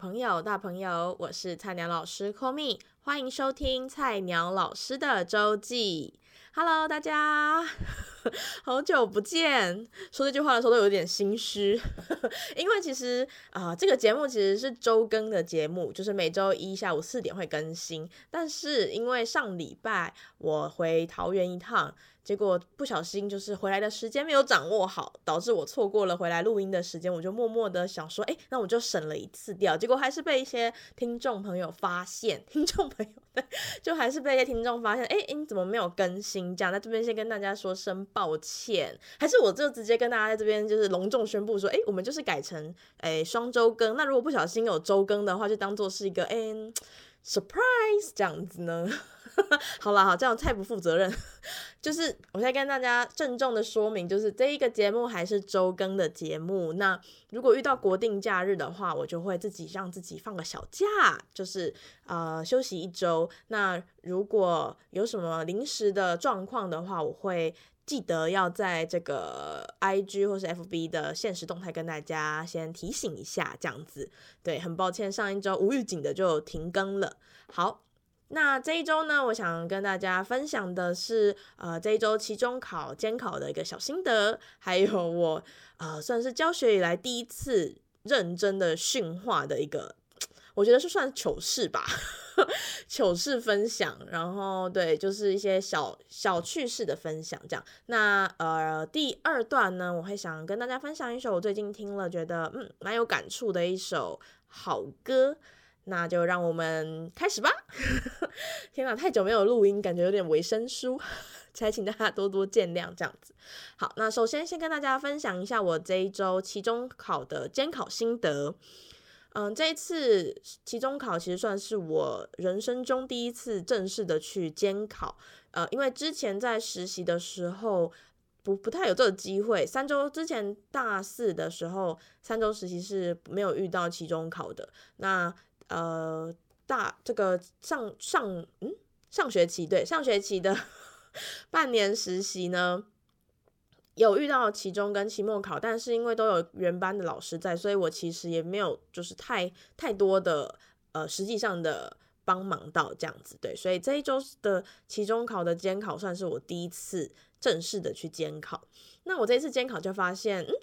朋友，大朋友，我是菜鳥老師 Komi，歡迎收聽菜鳥老師的週記。Hello，大家， 好久不見。說這句話的時候都有點心虛， 因為其實啊、呃，這個節目其實是週更的節目，就是每週一下午四點會更新。但是因為上禮拜我回桃園一趟。結果不小心就是回來的時間沒有掌握好，導致我錯過了回來錄音的時間。我就默默的想說，哎，那我就省了一次掉。結果還是被一些聽眾朋友發現，聽眾朋友對，就還是被一些聽眾發現，哎哎，你怎麼沒有更新？這樣在這邊先跟大家說聲抱歉，還是我就直接跟大家在這邊就是隆重宣布說，哎，我們就是改成哎雙周更。那如果不小心有周更的話，就當作是一個哎。Surprise 這樣子呢？ 好了，好，這樣太不負責任。 就是我現在跟大家鄭重的說明，就是這一個節目還是周更的節目。那如果遇到國定假日的話，我就會自己讓自己放個小假，就是呃休息一周。那如果有什麼臨時的狀況的話，我會。記得要在這個 I G 或是 F B 的限時動態，跟大家先提醒一下，這樣子。對，很抱歉，上一周無預警的就停更了。好，那這一周呢，我想跟大家分享的是，呃，這一周期中考監考的一個小心得，還有我呃，算是教學以來第一次認真的訓話的一個，我覺得是算糗事吧。 糗事分享，然後對，就是一些小小趣事的分享這樣。那呃，第二段呢，我會想跟大家分享一首我最近聽了覺得嗯蠻有感觸的一首好歌。那就讓我們開始吧。 天哪，太久沒有錄音，感覺有點微生疏，才請大家多多見諒這樣子。好，那首先先跟大家分享一下我這一周期中考的監考心得。嗯，這一次期中考其實算是我人生中第一次正式的去監考。呃，因為之前在實習的時候不，不不太有這個機會。三週之前大四的時候，三週實習是沒有遇到期中考的。那呃，大這個上上嗯上學期對上學期的半年實習呢，有遇到期中跟期末考，但是因為都有原班的老師在，所以我其實也沒有就是太太多的呃，實際上的幫忙到這樣子對，所以這一周的期中考的監考算是我第一次正式的去監考。那我這一次監考就發現，嗯，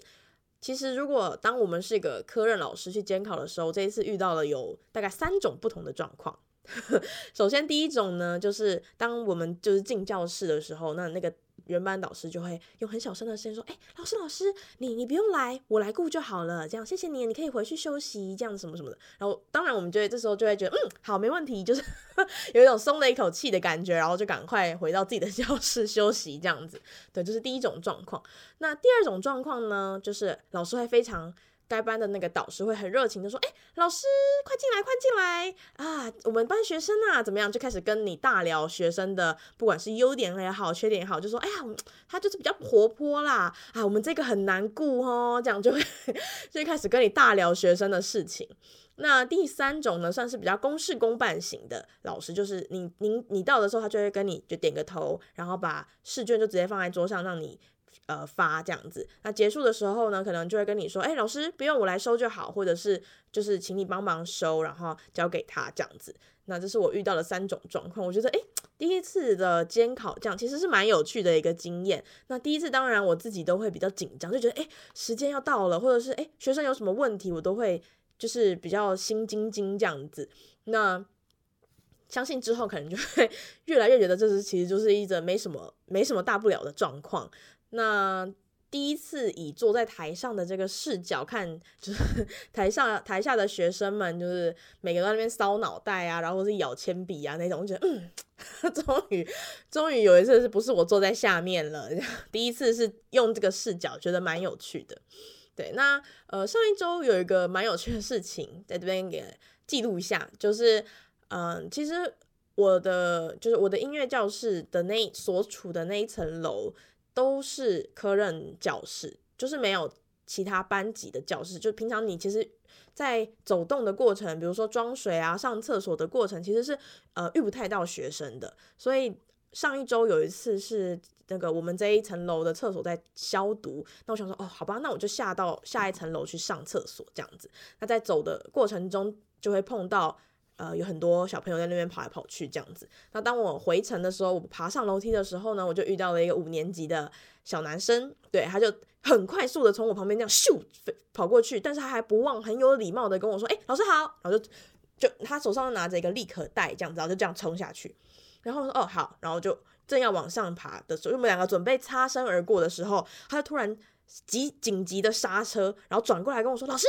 其實如果當我們是一個科任老師去監考的時候，這一次遇到了有大概三種不同的狀況。 首先第一種呢，就是當我們就是進教室的時候，那那個。原班導師就會用很小聲的聲音說：“哎、欸，老師，老師，你你不用來，我來顧就好了。這樣，謝謝你，你可以回去休息，這樣子什麼什麼的。然後，當然我們就會這時候就會覺得，嗯，好，沒問題，就是 有一種鬆了一口氣的感覺，然後就趕快回到自己的教室休息，這樣子。對，這、就是第一種狀況。那第二種狀況呢，就是老師會非常。”該班的那個導師會很熱情地說：“哎，老師，快進來，快進來啊！我們班學生啊，怎麼樣？”就開始跟你大聊學生的，不管是優點也好，缺點也好，就說：“哎呀，他就是比較活潑啦啊，我們這個很難顧哦。”這樣就會就開始跟你大聊學生的事情。那第三種呢，算是比較公事公辦型的老師，就是你您你，你到的時候，他就會跟你就點個頭，然後把試卷就直接放在桌上讓你。呃，發這樣子，那結束的時候呢，可能就會跟你說，哎、欸，老師不用我來收就好，或者是就是請你幫忙收，然後交給他這樣子。那這是我遇到的三種狀況，我覺得哎、欸，第一次的監考這樣其實是蠻有趣的一個經驗。那第一次當然我自己都會比較緊張，就覺得哎、欸，時間要到了，或者是哎、欸，學生有什麼問題，我都會就是比較心驚驚這樣子。那相信之後可能就會越來越覺得這是其實就是一種沒什麼沒什麼大不了的狀況。那第一次以坐在台上的這個視角看，就是台上台下的學生們，就是每個人在那邊搔腦袋啊，然後是咬鉛筆啊那種，我覺得，嗯，終於終於有一次是不是我坐在下面了？第一次是用這個視角，覺得蠻有趣的。對，那呃上一周有一個蠻有趣的事情，在這邊給記錄一下，就是嗯、呃，其實我的就是我的音樂教室的那所處的那一層樓。都是科任教室，就是沒有其他班級的教室，就平常你其實，在走動的過程，比如說裝水啊、上廁所的過程，其實是呃遇不太到學生的。所以上一週有一次是那個我們這一層樓的廁所在消毒，那我想說哦，好吧，那我就下到下一層樓去上廁所這樣子。那在走的過程中就會碰到。呃，有很多小朋友在那邊跑來跑去這樣子。那當我回程的時候，我爬上樓梯的時候呢，我就遇到了一個五年級的小男生，對，他就很快速的從我旁邊這樣咻跑過去，但是他還不忘很有禮貌的跟我說：“哎、欸，老師好。”然後就就他手上拿着一個立可帶，這樣子，然後就這樣衝下去。然後我說：“哦，好。”然後就正要往上爬的時候，我們兩個準備擦身而過的時候，他就突然急緊急的剎車，然後轉過來跟我說：“老師。”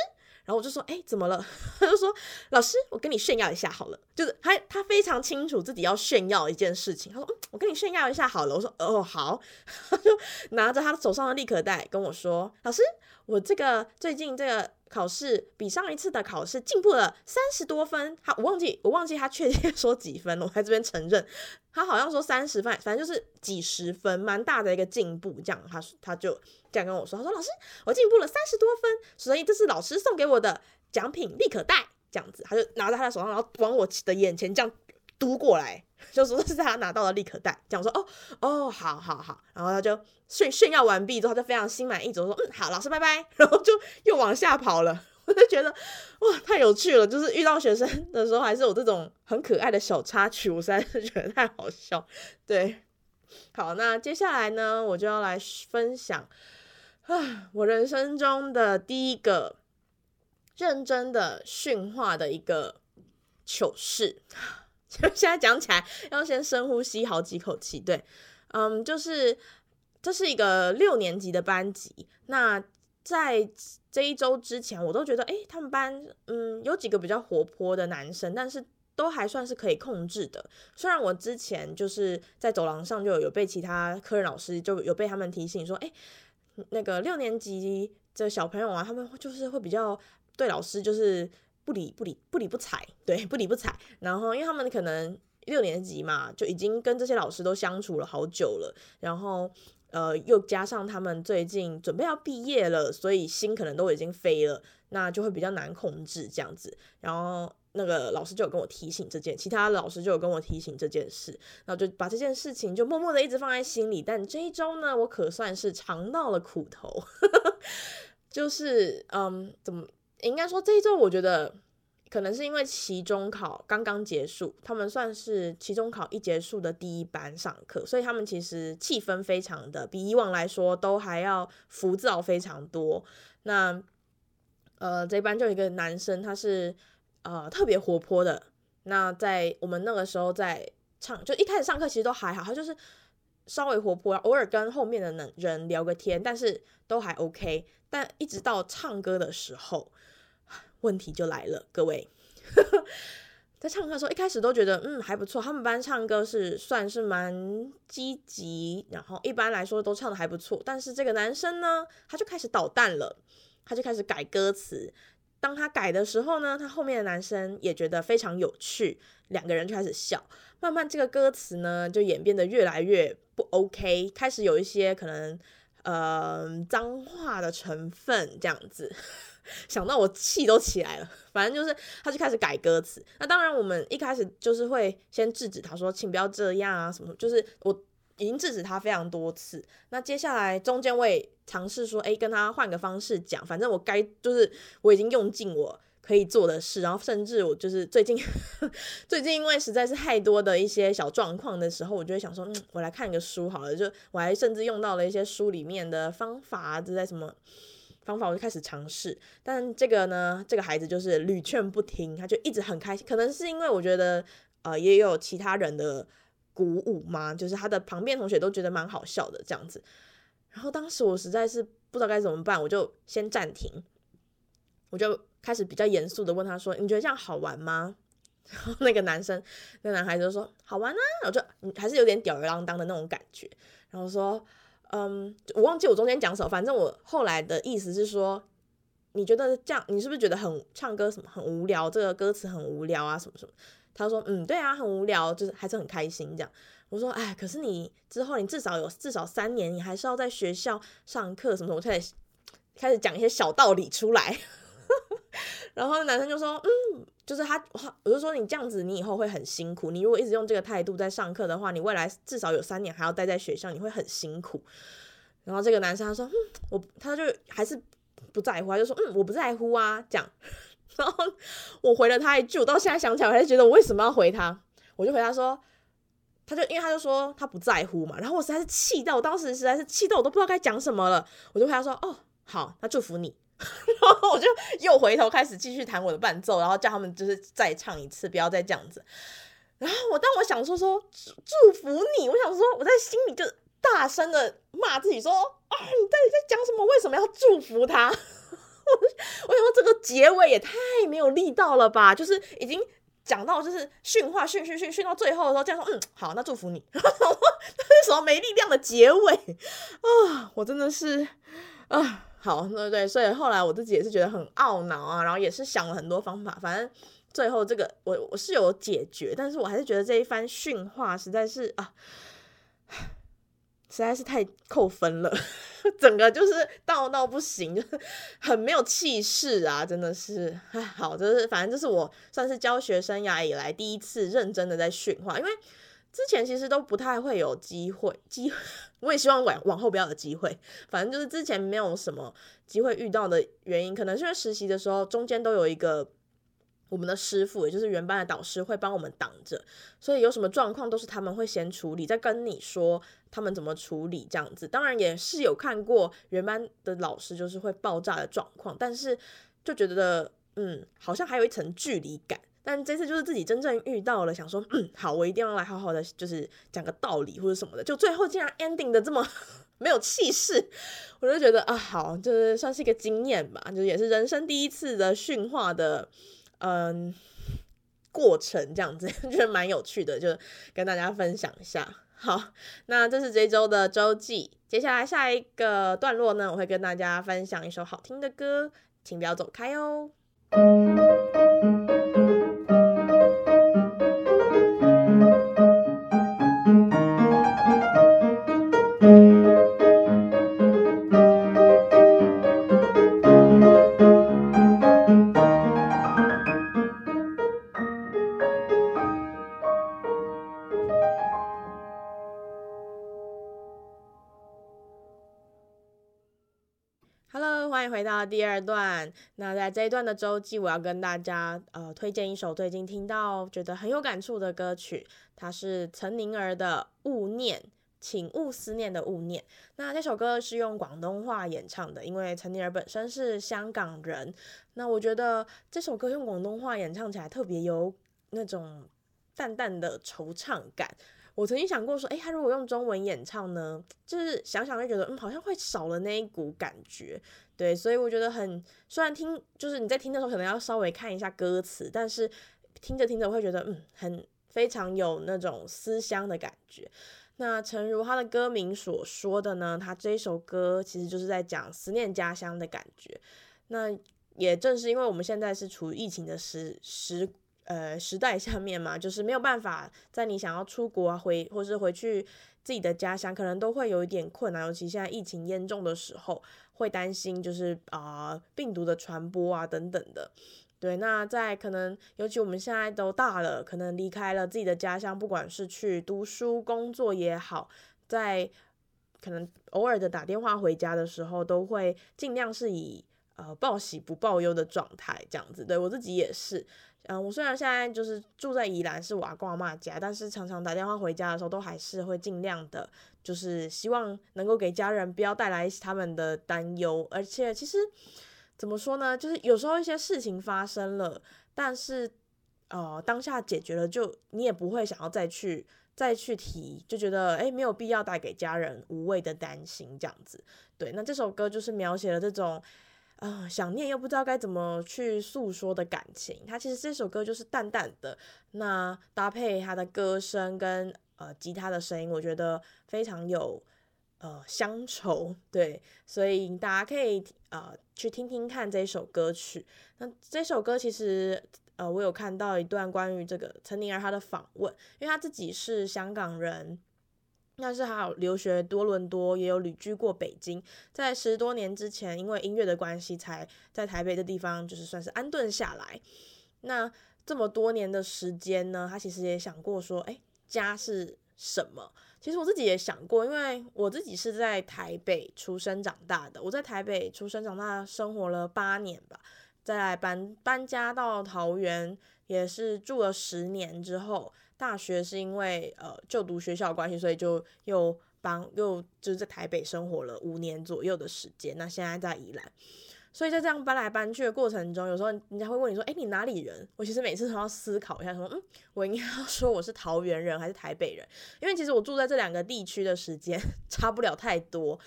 然後我就說：“哎、欸，怎麼了？”他 就說：“老師，我跟你炫耀一下好了。”就是他他非常清楚自己要炫耀一件事情。他說：“嗯，我跟你炫耀一下好了。”我說：“哦，好。 ”他就拿着他手上的立可帶跟我說，老師，我這個最近這個考試比上一次的考試進步了三十多分。他我忘記我忘記他確切說幾分了。我在這邊承認，他好像說三十分，反正就是幾十分，蠻大的一個進步。這樣他，他他就。”這樣跟我說，他說：“老師，我進步了三十多分，所以這是老師送給我的獎品——立可帶。”這樣子，他就拿在他的手上，然後往我的眼前這樣嘟過來，就說：“是他拿到了立可帶。”這樣我說：“哦哦，好好好。”然後他就炫炫耀完畢之後，他就非常心滿意足說：“嗯，好，老師，拜拜。”然後就又往下跑了。我就覺得哇，太有趣了！就是遇到學生的時候，還是有這種很可愛的小插曲，我實在是覺得太好笑。對，好，那接下來呢，我就要來分享。啊！我人生中的第一個認真的訓話的一個糗事。 現在講起來要先深呼吸好幾口氣。對，嗯，就是這是一個六年級的班級。那在這一周之前，我都覺得，哎、欸，他們班嗯有幾個比較活潑的男生，但是都還算是可以控制的。雖然我之前就是在走廊上就有，有被其他科任老師就有被他們提醒說，哎、欸。那個六年級的小朋友啊，他們就是會比較對老師就是不理不理不理不睬，對，不理不睬。然後因為他們可能六年級嘛，就已經跟這些老師都相處了好久了，然後呃又加上他們最近準備要畢業了，所以心可能都已經飛了，那就會比較難控制這樣子。然後。那個老師就有跟我提醒這件，其他老師就有跟我提醒這件事，然後就把這件事情就默默的一直放在心裡。但這一周呢，我可算是嘗到了苦頭， 就是嗯，怎麼應該說這一周，我覺得可能是因為期中考剛剛結束，他們算是期中考一結束的第一班上課，所以他們其實氣氛非常的比以往來說都還要浮躁非常多。那呃，這一班就有一個男生，他是。呃，特別活潑的。那在我們那個時候在唱，就一開始上課其實都還好，他就是稍微活潑，偶爾跟後面的人聊個天，但是都還 OK。但一直到唱歌的時候，問題就來了。各位呵呵在唱歌的時候，一開始都覺得嗯還不錯，他們班唱歌是算是蠻積極，然後一般來說都唱得還不錯。但是這個男生呢，他就開始搗蛋了，他就開始改歌詞。當他改的時候呢，他後面的男生也覺得非常有趣，兩個人就開始笑。慢慢這個歌詞呢就演變得越來越不 OK，開始有一些可能呃髒話的成分這樣子。想到我氣都起來了，反正就是他就開始改歌詞。那當然我們一開始就是會先制止他說，請不要這樣啊什麼什麼，就是我。已經制止他非常多次，那接下來中間我也嘗試說，誒，跟他換個方式講，反正我該就是我已經用盡我可以做的事，然後甚至我就是最近呵呵最近因為實在是太多的一些小狀況的時候，我就會想說，嗯，我來看一個書好了，就我還甚至用到了一些書裡面的方法，就在什麼方法我就開始嘗試，但這個呢，這個孩子就是屢勸不聽，他就一直很開心，可能是因為我覺得，呃，也有其他人的。鼓舞嗎？就是他的旁邊同學都覺得蠻好笑的這樣子，然後當時我實在是不知道該怎麼辦，我就先暫停，我就開始比較嚴肅的問他說：“你覺得這樣好玩嗎？”然後那個男生，那個男孩子就說：“好玩啊！”我就還是有點吊兒郎當的那種感覺，然後說：“嗯，我忘記我中間講什麼，反正我後來的意思是說，你覺得這樣，你是不是覺得很唱歌什麼很無聊？這個歌詞很無聊啊，什麼什麼。”他說：“嗯，對啊，很無聊，就是還是很開心這樣。”我說：“哎，可是你之後，你至少有至少三年，你還是要在學校上課什麼什麼，我就開始講一些小道理出來。 ”然後男生就說：“嗯，就是他，我就說你這樣子，你以後會很辛苦。你如果一直用這個態度在上課的話，你未來至少有三年還要待在學校，你會很辛苦。”然後這個男生他說：“嗯、我他就還是不在乎，他就說嗯，我不在乎啊，這樣。”然後我回了他一句，我到現在想起來，我還是覺得我為什麼要回他？我就回他說，他就因為他就說他不在乎嘛。然後我實在是氣到，我當時實在是氣到，我都不知道該講什麼了。我就回他說，哦，好，那祝福你。然後我就又回頭開始繼續彈我的伴奏，然後叫他們就是再唱一次，不要再這樣子。然後我當我想說說祝，祝福你，我想說我在心裡就大聲的罵自己說啊、哦，你到底在講什麼？為什麼要祝福他？我我想說這個結尾也太沒有力道了吧？就是已經講到就是訓話訓訓訓到最後的時候，這樣說，嗯，好，那祝福你，那 是什麼沒力量的結尾啊？哦，我真的是啊，好，對對對，所以後來我自己也是覺得很懊惱啊，然後也是想了很多方法，反正最後這個我我是有解決，但是我還是覺得這一番訓話實在是啊。實在是太扣分了，整個就是道道不行，就是很沒有氣勢啊！真的是，還好，就是反正這是我算是教學生涯以來第一次認真的在訓話，因為之前其實都不太會有機會，機我也希望往往後不要有機會，反正就是之前沒有什麼機會遇到的原因，可能是因為實習的時候中間都有一個。我們的師傅，也就是原班的導師，會幫我們擋着，所以有什麼狀況都是他們會先處理，再跟你說他們怎麼處理這樣子。當然也是有看過原班的老師就是會爆炸的狀況，但是就覺得嗯，好像還有一層距離感。但這次就是自己真正遇到了，想說嗯，好，我一定要來好好的，就是講個道理或者什麼的。就最後竟然，ending 的這麼沒有氣勢，我就覺得啊，好，就是算是一個經驗吧，就是也是人生第一次的訓話的。嗯，過程這樣子就是蠻有趣的，就跟大家分享一下。好，那這是這一周的周記。接下來下一個段落呢，我會跟大家分享一首好聽的歌，請不要走開哦。那在這一段的週記，我要跟大家呃推薦一首最近聽到覺得很有感觸的歌曲，它是岑寧兒的《勿念》，請勿思念的勿念。那這首歌是用廣東話演唱的，因為岑寧兒本身是香港人，那我覺得這首歌用廣東話演唱起來特別有那種淡淡的惆悵感。我曾經想過說，哎、欸，他如果用中文演唱呢，就是想想會覺得，嗯，好像會少了那一股感覺，對，所以我覺得很，雖然聽，就是你在聽的時候可能要稍微看一下歌詞，但是聽着聽着我會覺得，嗯，很非常有那種思鄉的感覺。那誠如他的歌名所說的呢，他這一首歌其實就是在講思念家鄉的感覺。那也正是因為我們現在是處於疫情的時時。呃，時代下面嘛，就是沒有辦法在你想要出國啊，回或是回去自己的家鄉，可能都會有一點困難。尤其現在疫情嚴重的時候，會擔心就是啊、呃、病毒的傳播啊等等的。對，那在可能，尤其我們現在都大了，可能離開了自己的家鄉，不管是去讀書、工作也好，在可能偶爾的打電話回家的時候，都會儘量是以。呃，報喜不報憂的狀態，這樣子對我自己也是。嗯、呃，我雖然現在就是住在宜蘭，是我阿公阿嬤家，但是常常打電話回家的時候，都還是會盡量的，就是希望能夠給家人不要帶來他們的擔憂。而且其實怎麼說呢，就是有時候一些事情發生了，但是呃，當下解決了就，就你也不會想要再去再去提，就覺得哎、欸，沒有必要帶給家人無謂的擔心，這樣子。對，那這首歌就是描寫了這種。啊、呃，想念又不知道該怎麼去訴說的感情，他其實這首歌就是淡淡的。那搭配他的歌聲跟呃吉他的聲音，我覺得非常有呃鄉愁，對，所以大家可以呃去聽聽看這首歌曲。那這首歌其實呃我有看到一段關於這個岑寧兒她的訪問，因為她自己是香港人。但是還有留學多倫多，也有旅居過北京，在十多年之前，因為音樂的關係，才在台北的地方就是算是安頓下來。那這麼多年的時間呢，他其實也想過說，哎、欸，家是什麼？其實我自己也想過，因為我自己是在台北出生長大的，我在台北出生長大，生活了八年吧，再來搬搬家到桃園，也是住了十年之後。大學是因為呃就讀學校的關係，所以就又搬又就是在台北生活了五年左右的時間。那現在在宜蘭，所以在這樣搬來搬去的過程中，有時候人家會問你說：“誒，你哪裡人？”我其實每次都要思考一下，說：“嗯，我應該要說我是桃園人還是台北人？因為其實我住在這兩個地區的時間差不了太多，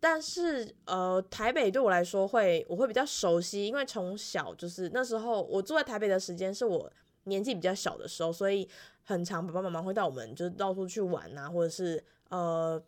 但是呃，台北對我來說會我會比較熟悉，因為從小就是那時候我住在台北的時間是我。”年紀比較小的時候，所以很常，爸爸媽媽會帶我們就是到處去玩啊，或者是呃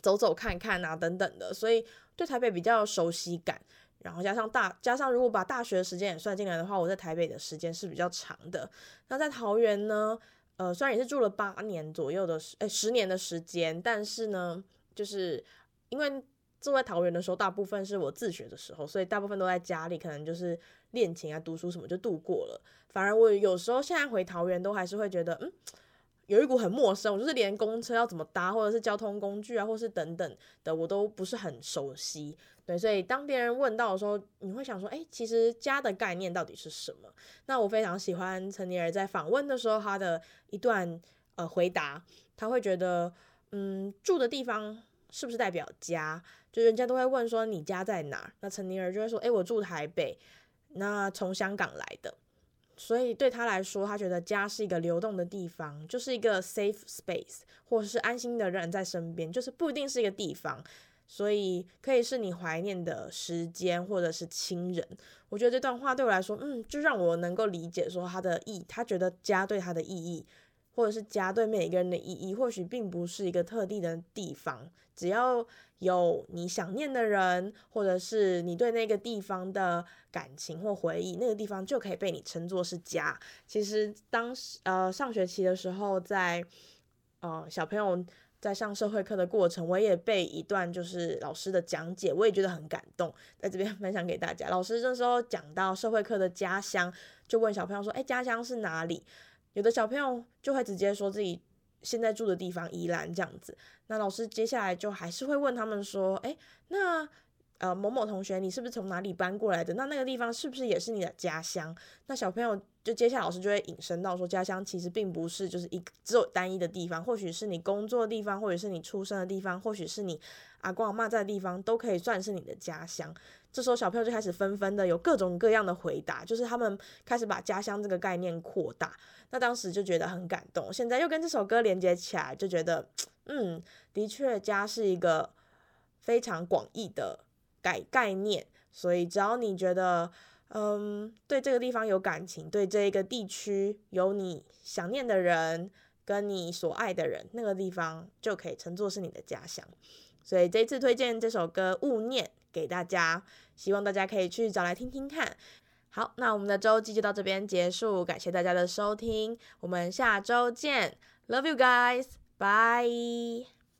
走走看看啊等等的，所以對台北比較熟悉感。然後加上大加上如果把大學的時間也算進來的話，我在台北的時間是比較長的。那在桃園呢，呃，雖然也是住了八年左右的，欸，十年的時間，但是呢，就是因為。住在桃園的時候，大部分是我自學的時候，所以大部分都在家裡，可能就是練琴啊、讀書什麼就度過了。反而我有時候現在回桃園，都還是會覺得，嗯，有一股很陌生。我就是連公車要怎麼搭，或者是交通工具啊，或者是等等的，我都不是很熟悉。對，所以當別人問到的時候，你會想說，哎、欸，其實家的概念到底是什麼？那我非常喜歡岑寧兒在訪問的時候，他的一段呃回答，他會覺得，嗯，住的地方是不是代表家？就人家都會問說你家在哪？那岑寧兒就會說，誒、欸，我住台北，那從香港來的。所以對他來說，他覺得家是一個流動的地方，就是一個 safe space，或者是安心的人在身邊，就是不一定是一個地方。所以可以是你懷念的時間，或者是親人。我覺得這段話對我來說，嗯，就讓我能夠理解說他的意，他覺得家對他的意義。或者是家對每一個人的意義，或許並不是一個特定的地方，只要有你想念的人，或者是你對那個地方的感情或回憶，那個地方就可以被你稱作是家。其實當時呃上學期的時候在，在呃小朋友在上社會課的過程，我也被一段就是老師的講解，我也覺得很感動，在這邊分享給大家。老師這時候講到社會課的家鄉，就問小朋友說：“誒、欸，家鄉是哪裡？”有的小朋友就會直接說自己現在住的地方宜蘭這樣子，那老師接下來就還是會問他們說：“誒、欸，那呃某某同學，你是不是從哪裡搬過來的？那那個地方是不是也是你的家鄉？”那小朋友就接下來老師就會引申到說：“家鄉其實並不是就是一只有單一的地方，或許是你工作的地方，或者是你出生的地方，或許是你阿公阿嬤在的地方，都可以算是你的家鄉。”這時候小朋友就開始紛紛的有各種各樣的回答，就是他們開始把家鄉這個概念擴大。那當時就覺得很感動，現在又跟這首歌連接起來，就覺得，嗯，的確，家是一個非常廣義的改概念。所以，只要你覺得，嗯，對這個地方有感情，對這一個地區有你想念的人跟你所愛的人，那個地方就可以稱作是你的家鄉。所以，這一次推薦這首歌《勿念》給大家，希望大家可以去找來聽聽看。好，那我們的週記就到這邊結束，感謝大家的收聽，我們下週見，Love you guys，bye。